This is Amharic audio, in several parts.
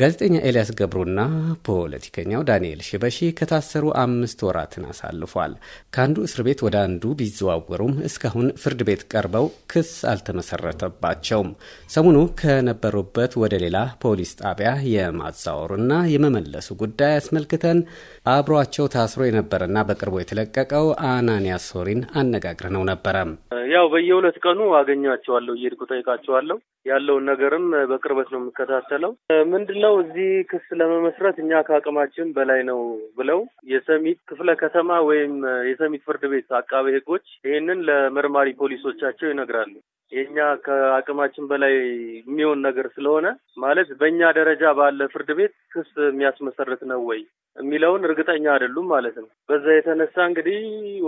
ጋዜጠኛ ኤልያስ ገብሩና ፖለቲከኛው ዳንኤል ሽበሺ ከታሰሩ አምስት ወራትን አሳልፏል። ከአንዱ እስር ቤት ወደ አንዱ ቢዘዋወሩም እስካሁን ፍርድ ቤት ቀርበው ክስ አልተመሰረተባቸውም። ሰሞኑ ከነበሩበት ወደ ሌላ ፖሊስ ጣቢያ የማዛወሩና የመመለሱ ጉዳይ አስመልክተን አብሯቸው ታስሮ የነበረና በቅርቡ የተለቀቀው አናንያስ ሶሪን አነጋግረነው ነበረ። ያው በየሁለት ቀኑ አገኛቸዋለሁ፣ እየሄድኩ ጠይቃቸዋለሁ። ያለውን ነገርም በቅርበት ነው የምከታተለው። ምንድነው እዚህ ክስ ለመመስረት እኛ ከአቅማችን በላይ ነው ብለው የሰሚት ክፍለ ከተማ ወይም የሰሚት ፍርድ ቤት አቃቤ ሕጎች ይህንን ለመርማሪ ፖሊሶቻቸው ይነግራሉ። የእኛ ከአቅማችን በላይ የሚሆን ነገር ስለሆነ ማለት በእኛ ደረጃ ባለ ፍርድ ቤት ክስ የሚያስመሰርት ነው ወይ የሚለውን እርግጠኛ አይደሉም ማለት ነው። በዛ የተነሳ እንግዲህ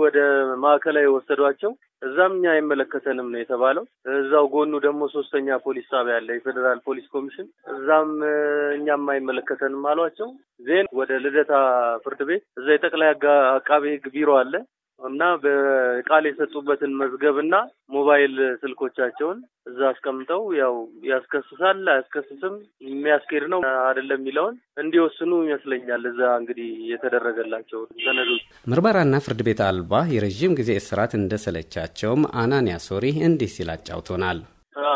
ወደ ማዕከላዊ የወሰዷቸው እዛም እኛ አይመለከተንም ነው የተባለው። እዛው ጎኑ ደግሞ ሶስተኛ ፖሊስ ጣቢያ ያለ የፌዴራል ፖሊስ ኮሚሽን እዛም እኛም አይመለከተንም አሏቸው። ዜን ወደ ልደታ ፍርድ ቤት እዛ የጠቅላይ አቃቤ ሕግ ቢሮ አለ እና በቃል የሰጡበትን መዝገብና ሞባይል ስልኮቻቸውን እዛ አስቀምጠው ያው ያስከስሳል አያስከስስም የሚያስኬድ ነው አይደለም የሚለውን እንዲወስኑ ይመስለኛል። እዛ እንግዲህ የተደረገላቸው ሰነዶች ምርመራና ፍርድ ቤት አልባ የረዥም ጊዜ እስራት እንደሰለቻቸውም አናንያ ሶሪ እንዲህ ሲል አጫውቶናል።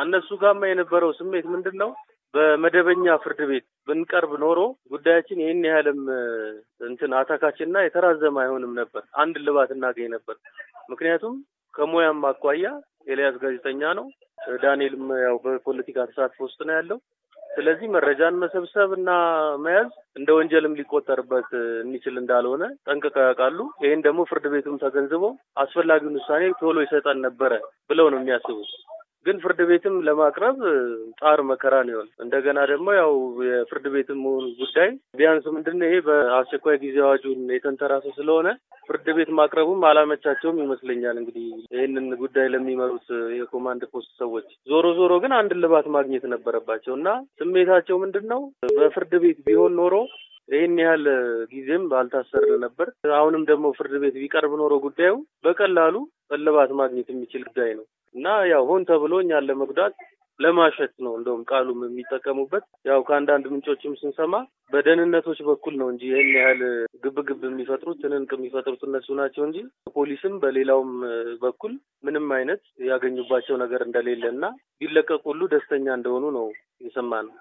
እነሱ ጋማ የነበረው ስሜት ምንድን ነው? በመደበኛ ፍርድ ቤት ብንቀርብ ኖሮ ጉዳያችን ይህን ያህልም እንትን አታካችንና የተራዘመ አይሆንም ነበር። አንድ ልባት እናገኝ ነበር። ምክንያቱም ከሙያም አኳያ ኤልያስ ጋዜጠኛ ነው። ዳንኤልም ያው በፖለቲካ ተሳትፎ ውስጥ ነው ያለው። ስለዚህ መረጃን መሰብሰብ እና መያዝ እንደ ወንጀልም ሊቆጠርበት የሚችል እንዳልሆነ ጠንቅቀው ያውቃሉ። ይህን ደግሞ ፍርድ ቤቱም ተገንዝቦ አስፈላጊውን ውሳኔ ቶሎ ይሰጠን ነበረ ብለው ነው የሚያስቡት። ግን ፍርድ ቤትም ለማቅረብ ጣር መከራ ነው ይሆን። እንደገና ደግሞ ያው የፍርድ ቤትም መሆኑ ጉዳይ ቢያንስ ምንድነው ይሄ በአስቸኳይ ጊዜ አዋጁን የተንተራሰ ስለሆነ ፍርድ ቤት ማቅረቡም አላመቻቸውም ይመስለኛል። እንግዲህ ይህንን ጉዳይ ለሚመሩት የኮማንድ ፖስት ሰዎች ዞሮ ዞሮ ግን አንድ ልባት ማግኘት ነበረባቸው እና ስሜታቸው ምንድን ነው በፍርድ ቤት ቢሆን ኖሮ ይህን ያህል ጊዜም አልታሰር ነበር። አሁንም ደግሞ ፍርድ ቤት ቢቀርብ ኖሮ ጉዳዩ በቀላሉ እልባት ማግኘት የሚችል ጉዳይ ነው። እና ያው ሆን ተብሎ እኛን ለመጉዳት ለማሸት ነው እንደውም ቃሉም የሚጠቀሙበት ያው ከአንዳንድ ምንጮችም ስንሰማ በደህንነቶች በኩል ነው እንጂ ይህን ያህል ግብግብ የሚፈጥሩት ትንንቅ የሚፈጥሩት እነሱ ናቸው እንጂ ፖሊስም በሌላውም በኩል ምንም አይነት ያገኙባቸው ነገር እንደሌለ እና ቢለቀቁ ሁሉ ደስተኛ እንደሆኑ ነው የሰማነው።